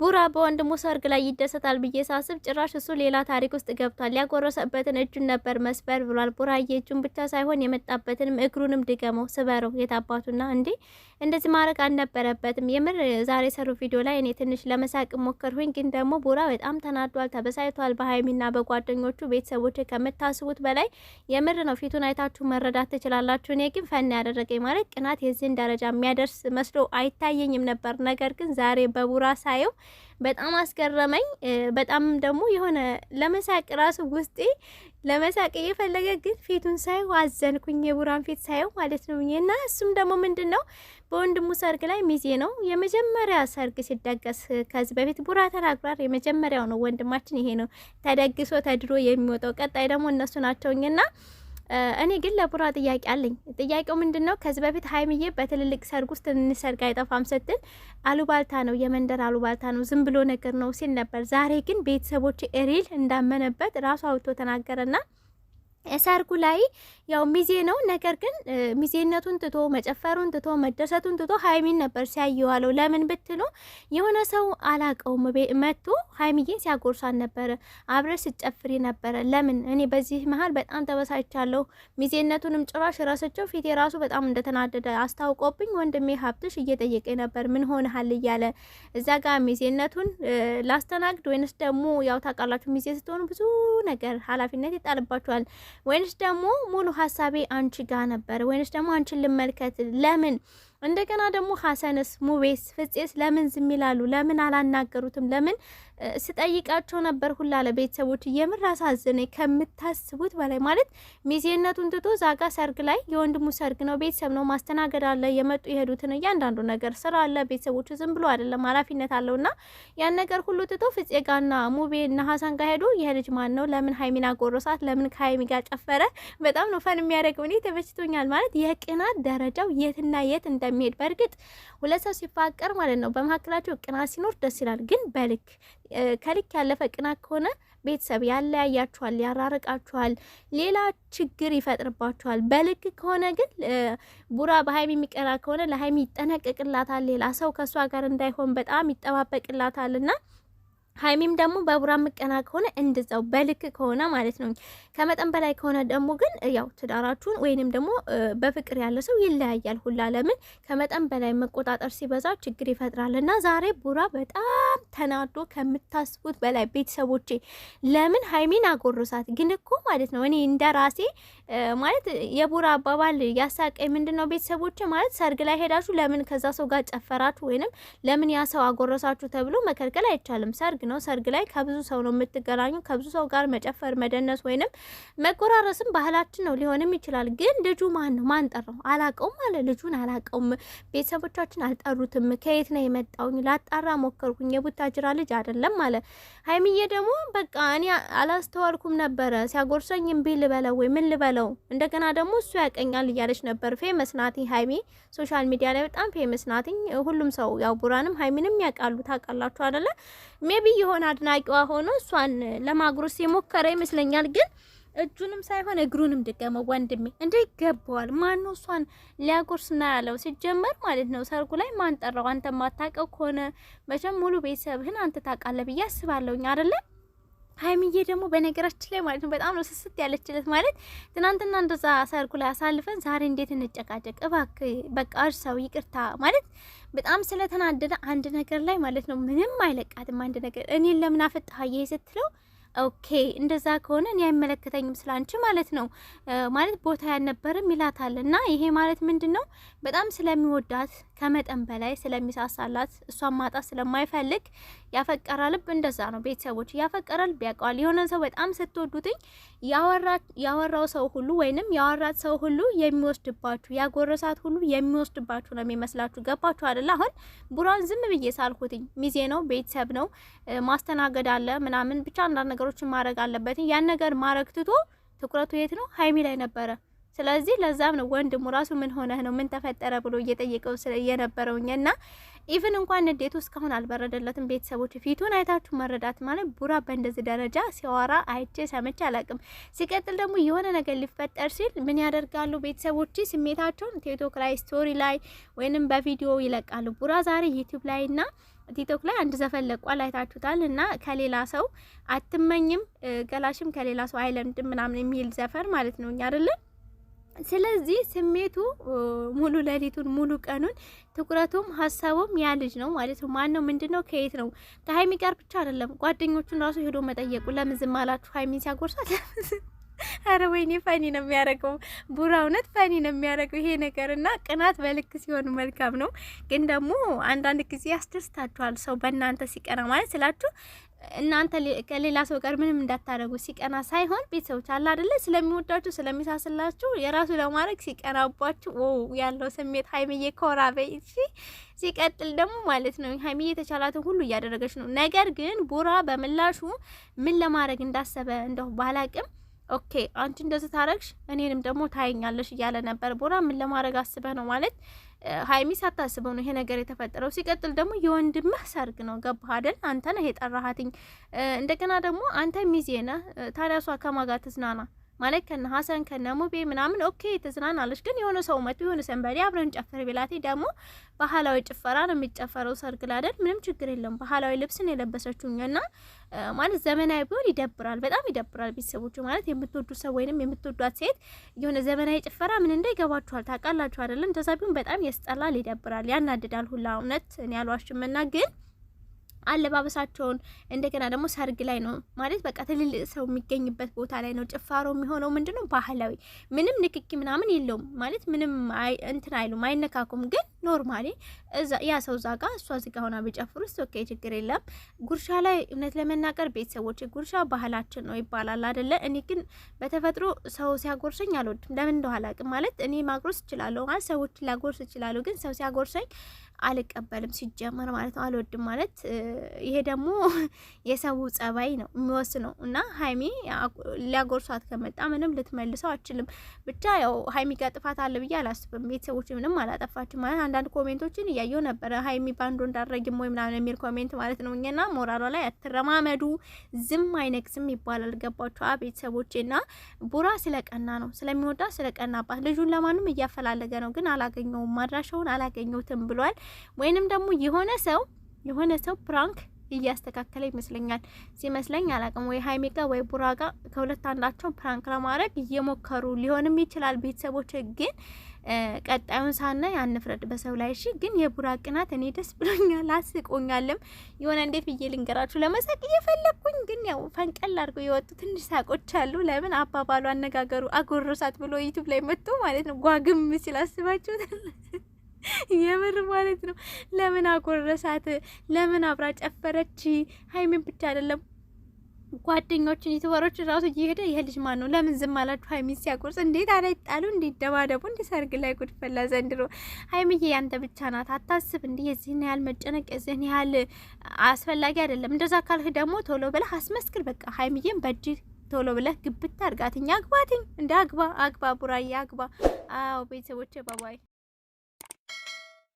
ቡራ በወንድሙ ሰርግ ላይ ይደሰታል ብዬ ሳስብ ጭራሽ እሱ ሌላ ታሪክ ውስጥ ገብቷል። ያጎረሰበትን እጁን ነበር መስበር ብሏል። ቡራ እጁን ብቻ ሳይሆን የመጣበትንም እግሩንም ድገመው ስበረው። የታባቱና እንዴ! እንደዚህ ማድረግ አልነበረበትም። የምር ዛሬ ሰሩ ቪዲዮ ላይ እኔ ትንሽ ለመሳቅ ሞከርሁኝ፣ ግን ደግሞ ቡራ በጣም ተናዷል፣ ተበሳይቷል። በሀይሚና በጓደኞቹ ቤተሰቦች ከምታስቡት በላይ የምር ነው። ፊቱን አይታችሁ መረዳት ትችላላችሁ። እኔ ግን ፈና ያደረገኝ ማለት ቅናት የዚህን ደረጃ የሚያደርስ መስሎ አይታየኝም ነበር። ነገር ግን ዛሬ በቡራ ሳየው በጣም አስገረመኝ። በጣም ደግሞ የሆነ ለመሳቅ ራሱ ውስጤ ለመሳቅ እየፈለገ ግን ፊቱን ሳየው አዘንኩኝ። የቡራን ፊት ሳየው ማለት ነው። እና እሱም ደግሞ ምንድን ነው በወንድሙ ሰርግ ላይ ሚዜ ነው የመጀመሪያ ሰርግ ሲደገስ ከዚህ በፊት ቡራ ተናግሯል። የመጀመሪያው ነው ወንድማችን፣ ይሄ ነው ተደግሶ ተድሮ የሚወጣው። ቀጣይ ደግሞ እነሱ ናቸውኝና እኔ ግን ለቡራ ጥያቄ አለኝ። ጥያቄው ምንድን ነው? ከዚህ በፊት ሀይምዬ በትልልቅ ሰርግ ውስጥ እንሰርግ አይጠፋም ስትል አሉባልታ ነው የመንደር አሉባልታ ነው ዝም ብሎ ነገር ነው ሲል ነበር። ዛሬ ግን ቤተሰቦች ሪል እንዳመነበት ራሱ አውጥቶ ተናገረና ሰርጉ ላይ ያው ሚዜ ነው። ነገር ግን ሚዜነቱን ትቶ መጨፈሩን ትቶ መደሰቱን ትቶ ሀይሚን ነበር ሲያየዋለው። ለምን ብትሉ የሆነ ሰው አላቀውም መጥቶ ሀይሚዬን ሲያጎርሳን ነበረ፣ አብረ ስጨፍሪ ነበረ። ለምን እኔ በዚህ መሀል በጣም ተበሳጭቻለሁ። ሚዜነቱንም ጭራሽ ረስቸው ፊቴ ራሱ በጣም እንደተናደደ አስታውቆብኝ፣ ወንድሜ ሀብትሽ እየጠየቀ ነበር ምን ሆንሃል እያለ እዛ ጋ ሚዜነቱን ላስተናግድ ወይንስ ደግሞ ያው ታውቃላችሁ ሚዜ ስትሆኑ ብዙ ነገር ኃላፊነት ይጣልባችኋል ወይንስ ደግሞ ሙሉ ሀሳቤ አንቺ ጋር ነበር ወይንስ ደግሞ አንቺን ልመልከት ለምን እንደገና ደግሞ ሀሰንስ፣ ሙቤስ፣ ፍፄስ ለምን ዝም ይላሉ? ለምን አላናገሩትም? ለምን ስጠይቃቸው ነበር ሁላ ለቤተሰቦች የምር አሳዘነኝ ከምታስቡት በላይ ማለት ሚዜነቱን ትቶ ዛጋ ሰርግ ላይ የወንድሙ ሰርግ ነው፣ ቤተሰብ ነው፣ ማስተናገድ አለ፣ የመጡ የሄዱትን እያንዳንዱ ነገር ስራ አለ። ቤተሰቦቹ ዝም ብሎ አይደለም ኃላፊነት አለውና ያን ነገር ሁሉ ትቶ ፍፄ ጋና ሙቤ እና ሀሰን ጋር ሄዱ። ይሄ ልጅ ማን ነው? ለምን ሀይሚና ጎረሳት? ለምን ከሀይሚ ጋር ጨፈረ? በጣም ነው ፈን የሚያደርገው። እኔ ተበችቶኛል ማለት የቅናት ደረጃው የትና የት እንደ እንደሚሄድ በእርግጥ ሁለት ሰው ሲፋቀር ማለት ነው በመካከላቸው ቅናት ሲኖር ደስ ይላል። ግን በልክ ከልክ ያለፈ ቅናት ከሆነ ቤተሰብ ያለያያችኋል፣ ያራርቃችኋል፣ ሌላ ችግር ይፈጥርባችኋል። በልክ ከሆነ ግን ቡራ በሀይሚ የሚቀራ ከሆነ ለሀይሚ ይጠነቅቅላታል። ሌላ ሰው ከእሷ ጋር እንዳይሆን በጣም ይጠባበቅላታል እና ሀይሚም ደግሞ በቡራ ምቀና ከሆነ እንደዛው በልክ ከሆነ ማለት ነው። ከመጠን በላይ ከሆነ ደግሞ ግን ያው ትዳራችሁን ወይንም ደግሞ በፍቅር ያለ ሰው ይለያያል ሁላ። ለምን ከመጠን በላይ መቆጣጠር ሲበዛ ችግር ይፈጥራል። እና ዛሬ ቡራ በጣም ተናዶ ከምታስቡት በላይ ቤተሰቦቼ፣ ለምን ሀይሚን አጎረሳት? ግን እኮ ማለት ነው እኔ እንደ ራሴ ማለት የቡራ አባባል ያሳቀኝ ምንድን ነው ቤተሰቦቼ፣ ማለት ሰርግ ላይ ሄዳችሁ ለምን ከዛ ሰው ጋር ጨፈራችሁ ወይንም ለምን ያ ሰው አጎረሳችሁ ተብሎ መከልከል አይቻልም ሰርግ ነው። ሰርግ ላይ ከብዙ ሰው ነው የምትገናኙ። ከብዙ ሰው ጋር መጨፈር፣ መደነስ ወይንም መጎራረስም ባህላችን ነው ሊሆንም ይችላል። ግን ልጁ ማን ነው? ማን ጠራው? አላቀውም አለ። ልጁን አላቀውም፣ ቤተሰቦቻችን አልጠሩትም። ከየት ነው የመጣውኝ? ላጣራ ሞከርኩኝ። የቡታጅራ ልጅ አይደለም አለ። ሀይሚዬ ደግሞ በቃ እኔ አላስተዋልኩም ነበረ ሲያጎርሰኝ እምቢ ልበለው ወይ ምን ልበለው? እንደገና ደግሞ እሱ ያቀኛል እያለች ነበር። ፌመስ ናት ሀይሚ ሶሻል ሚዲያ ላይ በጣም ፌመስ ናት። ሁሉም ሰው ያው ቡራንም ሀይሚንም ያውቃሉ። ታውቃላችሁ አይደለ? ሜቢ የሆነ አድናቂዋ ሆኖ እሷን ለማጉረስ የሞከረ ይመስለኛል። ግን እጁንም ሳይሆን እግሩንም ድገመው ወንድሜ፣ እንደ ይገባዋል። ማነው እሷን ሊያጎርስና ያለው? ሲጀመር ማለት ነው ሰርጉ ላይ ማን ጠራው? አንተ ማታውቀው ከሆነ መቼም ሙሉ ቤተሰብህን አንተ ታውቃለህ ብዬ አስባለሁኝ አይደለም ሀይሚዬ ደግሞ በነገራችን ላይ ማለት ነው በጣም ነው ስስት ያለችለት። ማለት ትናንትና እንደዛ ሰርጉ ላይ አሳልፈን ዛሬ እንዴት እንጨቃጨቅ? እባክህ በቃ ሰው ይቅርታ ማለት በጣም ስለተናደደ አንድ ነገር ላይ ማለት ነው ምንም አይለቃትም። አንድ ነገር እኔን ለምን አፈጣህ ስትለው ኦኬ እንደዛ ከሆነ እኔ አይመለከተኝም ስለ አንቺ ማለት ነው ማለት ቦታ ያልነበረም ይላታል። እና ይሄ ማለት ምንድን ነው? በጣም ስለሚወዳት ከመጠን በላይ ስለሚሳሳላት እሷን ማጣት ስለማይፈልግ ያፈቀረ ልብ እንደዛ ነው። ቤተሰቦች ያፈቀረ ልብ ያውቀዋል። የሆነ ሰው በጣም ስትወዱትኝ ያወራው ሰው ሁሉ ወይንም ያወራት ሰው ሁሉ የሚወስድባችሁ፣ ያጎረሳት ሁሉ የሚወስድባችሁ ነው የሚመስላችሁ። ገባችሁ አደለ? አሁን ቡራን ዝም ብዬ ሳልኩትኝ ሚዜ ነው ቤተሰብ ነው ማስተናገድ አለ ምናምን ብቻ አንዳንድ ነገር ነገሮችን ማድረግ አለበት። ያን ነገር ማድረግ ትቶ ትኩረቱ የት ነው? ሀይሚ ላይ ነበረ። ስለዚህ ለዛም ነው ወንድሙ ራሱ ምን ሆነህ ነው ምን ተፈጠረ ብሎ እየጠየቀው ስለ የነበረውኝ እና ኢቭን እንኳን ንዴቱ እስካሁን አልበረደለትም። ቤተሰቦች ፊቱን አይታችሁ መረዳት ማለት ቡራ በእንደዚህ ደረጃ ሲያወራ አይቼ ሰምቼ አላቅም። ሲቀጥል ደግሞ የሆነ ነገር ሊፈጠር ሲል ምን ያደርጋሉ ቤተሰቦች? ስሜታቸውን ቲክቶክ ላይ ስቶሪ ላይ ወይንም በቪዲዮ ይለቃሉ። ቡራ ዛሬ ዩቲዩብ ላይ ና ቲክቶክ ላይ አንድ ዘፈን ለቋል፣ አይታችሁታል። እና ከሌላ ሰው አትመኝም ገላሽም ከሌላ ሰው አይለምድም ምናምን የሚል ዘፈን ማለት ነው እኛ አይደለም ስለዚህ ስሜቱ ሙሉ ሌሊቱን ሙሉ ቀኑን ትኩረቱም ሀሳቡም ያ ልጅ ነው ማለት ነው። ማን ነው ምንድን ነው ከየት ነው? ከሀይሚ ጋር ብቻ አይደለም ጓደኞቹን ራሱ ሄዶ መጠየቁ ለምን ዝም አላችሁ ሀይሚን ሲያጎርሳት አረ ወይኔ ፈኒ ነው የሚያደርገው ቡራ፣ እውነት ፈኒ ነው የሚያደርገው ይሄ ነገር እና ቅናት በልክ ሲሆን መልካም ነው። ግን ደግሞ አንዳንድ ጊዜ ያስደስታችኋል ሰው በእናንተ ሲቀና ማለት ስላችሁ እናንተ ከሌላ ሰው ጋር ምንም እንዳታደርጉ ሲቀና ሳይሆን ቤተሰቦች አለ አይደለ፣ ስለሚወዳችሁ ስለሚሳስላችሁ የራሱ ለማድረግ ሲቀናባችሁ ው ያለው ስሜት ሀይሚዬ ኮራ በይ ሲቀጥል ደግሞ ማለት ነው ሀይሚዬ የተቻላትን ሁሉ እያደረገች ነው። ነገር ግን ቡራ በምላሹ ምን ለማድረግ እንዳሰበ እንደው ባላቅም ኦኬ አንቺ እንደዚህ ታረግሽ እኔንም ደግሞ ታይኛለሽ እያለ ነበር። ቦራ ምን ለማድረግ አስበህ ነው ማለት ሀይሚ ሳታስበው ነው ይሄ ነገር የተፈጠረው። ሲቀጥል ደግሞ የወንድምህ ሰርግ ነው፣ ገባህ አይደል? አንተ ነህ የጠራሃትኝ። እንደገና ደግሞ አንተ ሚዜ ነህ። ታዲያ እሷ ከማጋ ትዝናና? ማለት ከነ ሀሰን ከነ ሙቤ ምናምን ኦኬ ተዝናናለች። ግን የሆነ ሰው መቶ የሆነ ሰንበሪ አብረን ጨፈር ቢላቴ ደግሞ ባህላዊ ጭፈራ ነው የሚጨፈረው ሰርግ ላደር ምንም ችግር የለም። ባህላዊ ልብስን የለበሰችውኛ እና ማለት ዘመናዊ ቢሆን ይደብራል፣ በጣም ይደብራል። ቤተሰቦቹ ማለት የምትወዱ ሰው ወይንም የምትወዷት ሴት የሆነ ዘመናዊ ጭፈራ ምን እንደ ይገባችኋል ታውቃላችሁ አደለም? እንደዛ ቢሆን በጣም ያስጠላል፣ ይደብራል፣ ያናድዳል ሁላ እውነት እኔ ያሏሽምና ግን አለባበሳቸውን እንደገና ደግሞ ሰርግ ላይ ነው ማለት በቃ ትልልቅ ሰው የሚገኝበት ቦታ ላይ ነው ጭፋሮ የሚሆነው። ምንድነው ባህላዊ፣ ምንም ንክኪ ምናምን የለውም ማለት ምንም እንትን አይሉም አይነካኩም ግን ኖርማሊ ያ ሰው እዛ ጋ እሷ እዚጋ ሆና ቢጨፍሩስ ኦኬ፣ ችግር የለም። ጉርሻ ላይ እውነት ለመናገር ቤተሰቦች ጉርሻ ባህላችን ነው ይባላል አደለ? እኔ ግን በተፈጥሮ ሰው ሲያጎርሰኝ አልወድም። ለምን እንደሆነ አላውቅም። ማለት እኔ ማጉረስ እችላለሁ፣ ሰዎች ላጎርስ እችላለሁ። ግን ሰው ሲያጎርሰኝ አልቀበልም ሲጀመር ማለት ነው። አልወድም ማለት ይሄ ደግሞ የሰው ጸባይ ነው የሚወስነው እና ሀይሚ ሊያጎርሷት ከመጣ ምንም ልትመልሰው አችልም። ብቻ ያው ሀይሚ ጋር ጥፋት አለ ብዬ አላስብም። ቤተሰቦች ምንም አላጠፋችም ማለት አንዳንድ ኮሜንቶችን እያየው ነበረ። ሀይሚ ባንዶ እንዳረግም ወይ ምናምን የሚል ኮሜንት ማለት ነው። እኛና ሞራሏ ላይ አትረማመዱ። ዝም አይነግስም ይባላል። ገባችሁ ቤተሰቦቼ? እና ቡራ ስለቀና ነው ስለሚወዳ ስለቀናባት ልጁን ለማንም እያፈላለገ ነው፣ ግን አላገኘውም፣ አድራሻውን አላገኘውትም ብሏል። ወይንም ደግሞ የሆነ ሰው የሆነ ሰው ፕራንክ እያስተካከለ ይመስለኛል ሲመስለኝ አላቅም ወይ ሀይሜ ወይ ቡራ ጋር ከሁለት አንዳቸውን ፕራንክ ለማድረግ እየሞከሩ ሊሆንም ይችላል ቤተሰቦች ግን ቀጣዩን ሳና ያንፍረድ በሰው ላይ። እሺ ግን የቡራ ቅናት እኔ ደስ ብሎኛል፣ አስቆኛልም። የሆነ እንዴት ብዬ ልንገራችሁ፣ ለመሳቅ እየፈለግኩኝ ግን ያው ፈንቀል አድርጎ የወጡ ትንሽ ሳቆች አሉ። ለምን አባባሉ፣ አነጋገሩ አጎረሳት ብሎ ዩቱብ ላይ መጥቶ ማለት ነው ጓግም ሲል አስባችሁት የምር ማለት ነው። ለምን አጎረሳት? ለምን አብራ ጨፈረች? ሀይሚን ብቻ አይደለም ጓደኞችን ዩቱበሮችን ራሱ እየሄደ ይሄ ልጅ ማን ነው? ለምን ዝም አላችሁ? ሀይሚን ሲያቆርጽ እንዴት አላይጣሉ? እንዴት ደባደቡ? እንዲህ ሰርግ ላይ ጉድ ፈላ ዘንድሮ። ሀይሚዬ ያንተ ብቻ ናት፣ አታስብ። እንዲህ የዚህን ያህል መጨነቅ የዚህን ያህል አስፈላጊ አይደለም። እንደዛ ካልህ ደግሞ ቶሎ ብለህ አስመስክር። በቃ ሀይሚዬን በእጅ ቶሎ ብለህ ግብት አድርጋትኝ፣ አግባትኝ፣ እንደ አግባ አግባ፣ ቡራዬ አግባ። አዎ ቤተሰቦቼ ባባይ